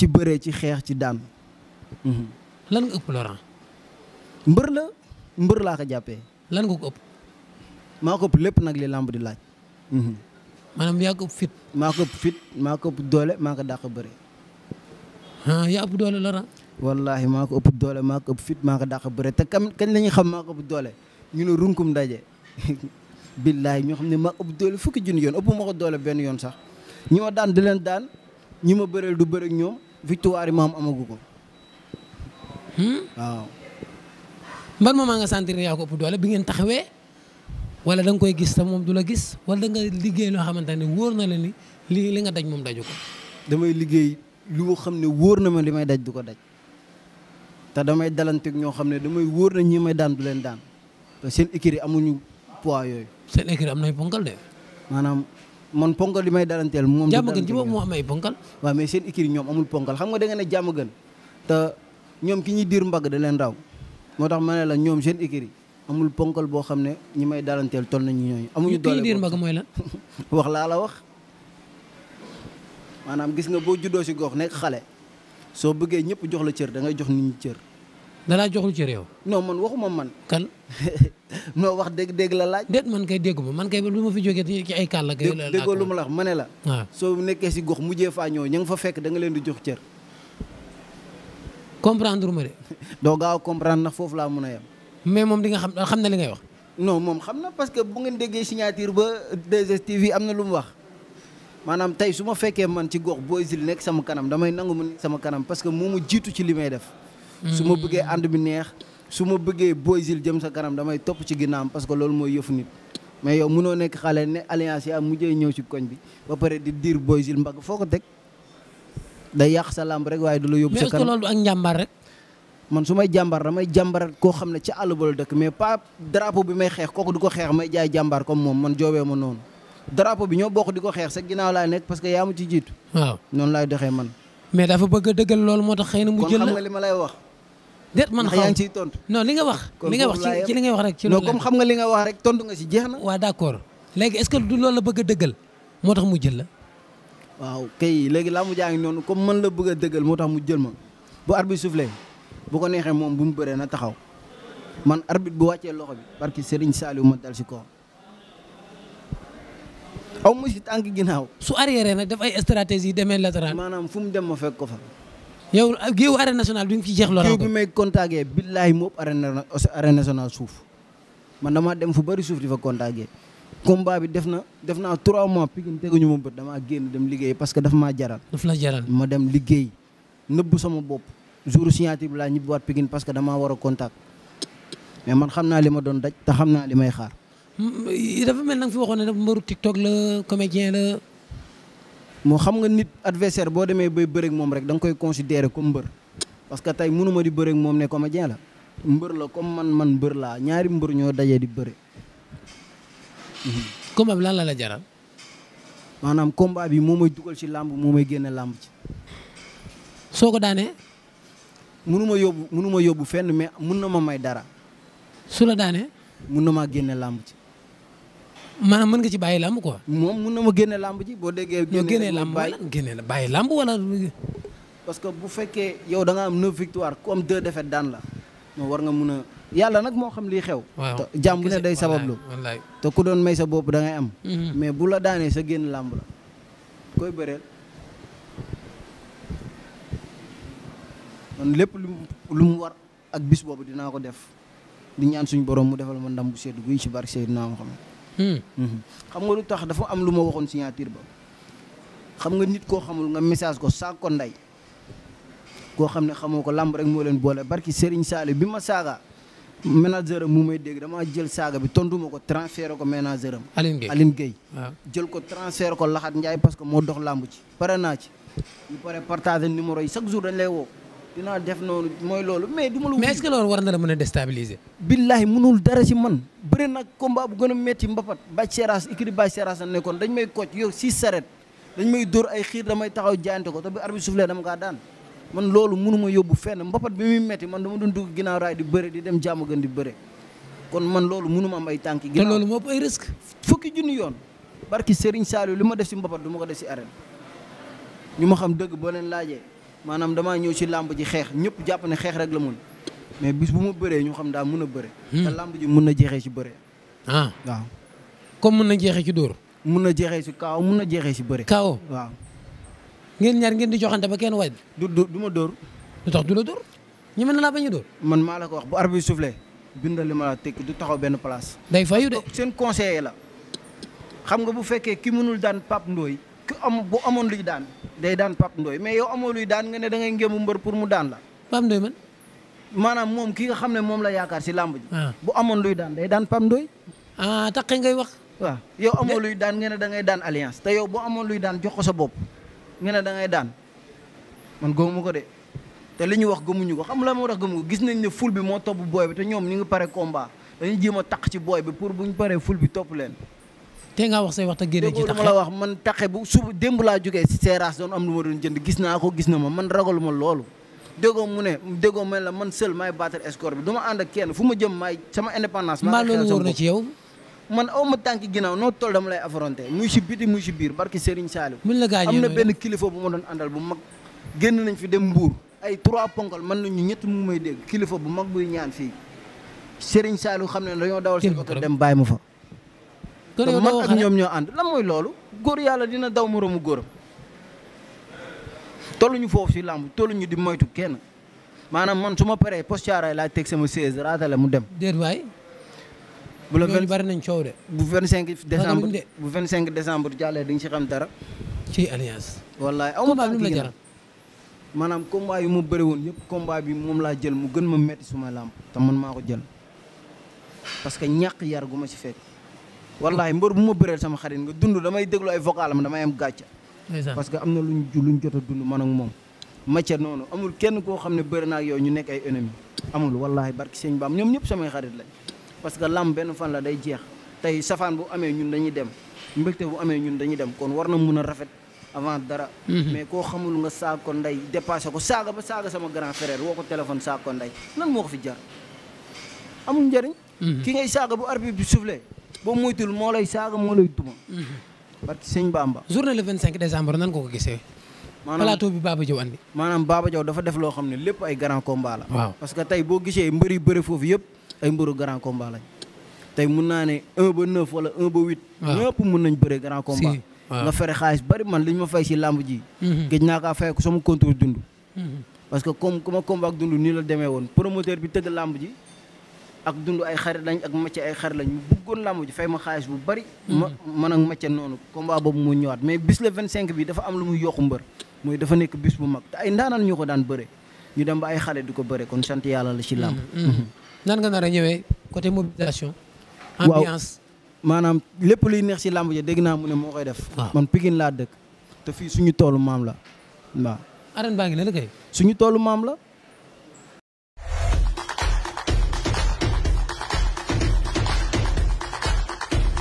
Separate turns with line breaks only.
ci bëre ci xeex ci daan. Mhm. lan nga ëpp Laurent. mbër la mbër laa ko jàppee. lan nga ko ëpp. maa ko ëpp lépp nag li làmb di laaj. Mhm. maanaam yaa ko fit. maa ko fit maa ko doole maa ko dàq bëre. ah yaa ëpp doole Laurent. wallaahi maa ko ëpp doole maa ko ëpp fit maa ko dàq bëre te kam kañ la ñuy xam maa ko doole ñu ne runkum daje. billaay ñoo xam ne maa ëpp doole fukki junni yoon ëpp ma doole benn yoon sax ñi ma daan di leen daan ñi ma bëreel du bëre ñoom. victoire yi maam amagu ko. Hmm? waaw.
ban moment nga sentir yaa ko ëpp doole bi ngeen taxawee wala da nga koy gis te moom du la gis wala da nga liggéey loo xamante ne wóor na la ni li li nga daj moom daju
damay liggéey lu xam ne wóor na ma li may daj du ko daj te damay dalanteeg ñoo xam ne damay wóor na ñi may daan du leen daan seen écurie amuñu poids yooyu. seen écurie am nay ponkal de. maanaam man ponkal li may dalanteel moom jàmm gën ci moo am ay ponkal waaw mais seen ikiri ñoom amul ponkal xam nga da nga ne jàmm gën te ñoom ki ñuy diir mbagg da leen moo tax ma ne la ñoom seen ikiri amul ponkal boo xam ne ñi may daranteel toll nañu ñooñu amuñu doole diir mbagg mooy lan wax laa la wax maanaam gis nga boo juddoo si gox nekk xale soo bëggee ñëpp jox la cër da jox nit ñi cër
dalaa joxul ci yow
no man waxuma man. kan. noo wax dégg dégg la laaj. déet man kay dégguma man kay lu ma fi jógee ci ay kàlla. kay la déggoo lu ma la ma ne la. waaw ah. soo nekkee si gox mujjee faa ñëw ña nga fa fekk da nga leen di jox cër. comprendre ma de. doo gaaw comprendre ndax foofu laa mun a yem. mais moom di nga xam xam na li ngay wax. non moom xam na parce que bu ngeen déggee signature ba 2STV am na lu mu wax. maanaam tey su ma fekkee man ci gox Boy Jules sama kanam damay nangu mu nekk sama kanam parce que moomu jiitu ci li may def. su ma bëggee ànd bi neex su ma bëggee Boy Jules jëm sa kanam damay topp ci ginnaam parce que loolu mooy yëfu nit mais yow munoo nekk xale ne alliance yi am mujjee ñëw ci bi ba pare di diir Boy Jules mbagg foo ko teg day yàq sa làmb rek du la yóbbu sa loolu ak njàmbaar rek. man su may jàmbaar damay jàmbaar koo xam ne ci àll ba la dëkk mais pas bi may xeex kooku du ko xeex may jaay jàmbaar comme moom man joobee ma noonu drapeau bi ñoo bokk di ko xeex sa ginnaaw laa nekk parce que yaa mu ci jiitu. waaw noonu laay doxee man. mais dafa bëgg a dëggal loolu moo tax xëy na mu jël kon xam nga li ma lay wax. de man xaw yaa ngi ciy tontu. non li nga wax. li nga wax ci li nga wax rek. ci loolu comme xam nga li
nga wax rek tontu nga si jeex na. waaw d'accord léegi est-ce que du loolu la bëgg dëggal moo tax mu jël la.
waaw kay léegi laa mu jaa ngi noonu comme man la bëgg a dëggal moo tax mu jël ma bu arbitre soufflé bu ko neexee moom bu mu bëree na taxaw man arbitre bu wàccee loxo bi parce que Serigne Saliou ma dal si kawam. aw ma si tànk ginnaaw.
su arrière nag def ay stratégie demee latéral.
maanaam fu mu dem ma fekk ko fa. yow géewu arène nationale bi nga fi jeex loo géew bi may contacté billahi mu ëpp arène nationale suuf man dama dem fu bëri suuf di fa contacté combat bi def na def naa trois mois Pikine teguñu ma bët damaa génn dem liggéey parce que daf maa jaral. daf la jaral ma dem liggéey nëbb sama bopp jour signature bi laa ñibbiwaat Pikine parce que damaa war a contact mais man xam naa li ma doon daj te xam naa li may xaar.
Mm, dafa mel na fi waxoon ne nag mbaru TikTok la comédien la.
moo xam nga nit adversaire boo demee bay bëreeg moom rek da nga koy considérer comme mbër parce que tey mënuma di bëreeg moom ne comédien la mbër la comme man man mbër laa ñaari mbër ñoo dajee di bëre. Mhm. combat bi lan la la jaral. maanaam combat bi moo may dugal ci làmb moo may génne làmb ci. soo ko daanee. mënuma yóbbu mënuma yóbbu fenn mais mën na ma may dara. su la daanee. mun na maa génne làmb ci. maanaam mën nga ci bàyyi làmb ko moom mun na ma génne làmb ji boo déggee. génne làmb bàyyi génne la bàyyi làmb wala. parce que bu fekkee yow da am neuf victoire ku am deux défaites daan la moom war nga mun a yàlla nag moo xam lii xew. waaw jàmm bu ne day sabablu. wallaay te ku doon may sa bopp dangay am. Mm-hmm. mais bu la daanee sa génn làmb la koy bëreel. kon lépp lu lu mu war ak bis boobu dinaa ko def di ñaan suñu borom mu defal ma ndam bu sedd guy ci barke Seydina Muhammad Hmm. Mm-hmm. xam nga lu tax dafa am lu ma waxoon signature ba xam nga nit koo xamul nga message ko saag ko ndey koo xam ne xamoo ko làmb rek moo leen boole barki Serigne Saliou bi ma saaga manager am mu may dégg damaa jël saaga bi tontuma ko transféré ko manager am. Aline jël ko transféré ko Laxat Ndiaye parce que moo dox làmb ci. pare naa ci ñu pare partagé numéro yi chaque jour dañ lay dinaa def noonu mooy loolu mais du ma la. mais est
loolu war na la mën a déstabiliser.
billahi mënul dara si man bëri nag combat bu gën a métti mbapat bàcc seeraas ikiri bàcc seeraas na nekkoon dañ may kocc yow si saret dañ may dóor ay xiir damay taxaw jaante ko te bi arbitre soufflé dama kaa daan man loolu munuma yóbbu fenn mbapat bi muy métti man dama doon dugg ginnaaw raay di bëre di dem jàmm gën di bëre kon man loolu munuma am ay tànk yi. moo ay risque. fukki junni yoon barki Serigne Saliou li ma def si mbapat du ko def si arène ñu ma xam dëgg boo leen laajee maanaam damaa ñëw ci làmb ji xeex ñëpp jàpp ne xeex rek la mun mais bis bu ma bëree ñu xam daal mun a bëre. Hmm. te làmb ji mun na jeexee ci bëre. ah waaw. comme na jeexee ci dóor. mun na jeexee ci kaaw mun na jeexee ci bëre. kaaw waaw. ngeen ñaar ngeen di joxante ba kenn waay. du du du ma dóor. lu tax du la dóor. ñu mën na laa bañ a dóor. man maa la ko wax bu arbitre soufflé bindal li ma la tekki du taxaw benn place. day fayu de seen conseiller la. xam nga bu fekkee ki mënul daan Pape Ndoye ku am bu amoon luy daan day daan Pape Ndoye mais yow amoo luy daan nga ne da ngay ngémbu mbër pour mu daan la. Pape Ndoye man. maanaam moom kii nga xam ne moom la yaakaar si làmb ji. Ah. bu amoon luy daan day daan Pape Ndoye. ah taqe ngay wax. yow amoo luy daan nga ne da ngay daan alliance te yow bu amoon luy daan jox ko sa bopp nga ne da ngay daan man gëmu ko de te li ñu wax gëmuñu ko xam la ma tax gëmu ko gis nañ ne ful bi moo topp booy bi te ñoom ñu ngi pare combat dañuy jéem a taq ci booy bi pour buñ paree ful bi topp leen.
te ngaa wax say wax te génne ci taxe la wax
man taxe bu suba laa jógee si seeraas doon am lu ma doon jënd gis naa ko gis na ma man ragalu ma loolu déggoo mu ne ma mel la man seul maay battre score bi du ma ànd kenn fu ma jëm maay sama indépendance maa loolu na ci yow man aw ma tànki ginnaaw noo toll dama lay affronté muy si biti muy si biir barki Serigne Saliou am na benn kilifa bu ma doon àndal bu mag génn nañ fi dem mbuur ay trois ponkal man ñu ñett mu may dégg kilifa bu mag buy ñaan fii Serigne Saliou xam ne dañoo dawal seen oto dem bàyyi ma fa loolu man ak ñoom ñoo ànd la mooy loolu góor yàlla dina daw moroomu góoram tolluñu foofu si làmb ñu di moytu kenn maanaam man su ma paree postiaray laa teg sama siège raatale mu dem. déet waay. bu vingt bari nañ coow bu vingt cinq décembre bu vingt cinq décembre jàllee di nga si xam dara. ci alliance. wallaay aw ma la maanaam combat mu ma bëri woon yëpp combat bi moom laa jël mu gën ma metti suma làmb te man maa ko jël parce que ñàkk yar gu ma si fekk. wallahi mbër bu ma bëreel sama xarit nga dund damay déglu ay vocal am damay am gàcce parce que am na luñ luñ jot a dund man moom macca noonu amul kenn koo xam ne bëri naa ak yow ñu nekk ay ennemi amul wallahi barki sëñ baam ñoom ñëpp samay xarit lañ parce que lam benn fan la day jeex tey safaan bu amee ñun dañuy dem mbégte bu amee ñun dañuy dem kon war na mun a rafet avant dara mhm. mais koo xamul nga saag ndey dépassé ko saaga ba saaga sama grand woo ko téléphone saag ndey lan moo ko fi jar amul njëriñ mhm. ki ngay saaga bu arbitre bi soufflé boo moytul moo lay saaga moo lay duma mhm. barki sëñ Bamba journée le 25 décembre nan ko ko gisee maanaam plateau bi Baba Diaw andi maanaam Baba Diaw dafa def loo xam ne lépp ay grand combat la parce que tey boo gisee mbëri bëri foofu yëpp ay mbëru garan combat lañ tey mun naa ne un ba neuf wala un ba huit ñëpp mun nañ bëre garan combat nga fere xaalis bari man li ma fay si lamb ji mhm. géej naa kaa fay ko sama contour dund mhm. parce que comme ku ma combat nii la demee woon promoteur bi tëdd làmb ji ak dund ay xarit lañ ak ay xarit lañ mu bëggoon làmb ji fay ma xaalis bu bari ma man ak macce noonu combat boobu moo ñëwaat mais bis le vingt cinq bi dafa am lu muy yokku mbër mooy dafa nekk bis bu mag te ay ndaanaan ñoo ko daan bëre ñu dem ba ay xale di ko bëre kon sant yàlla la ci làmb mm-hmm,
mm-hmm. Mm-hmm. nan nga nar a ñëwee côté mobilisation ambiance
maanaam lépp luy neex si làmb ji dégg naa mu ne moo koy def man Pikine laa dëkk te fii suñu toolu maam la waaw arène baa ngi ne la kay suñu toolu maam la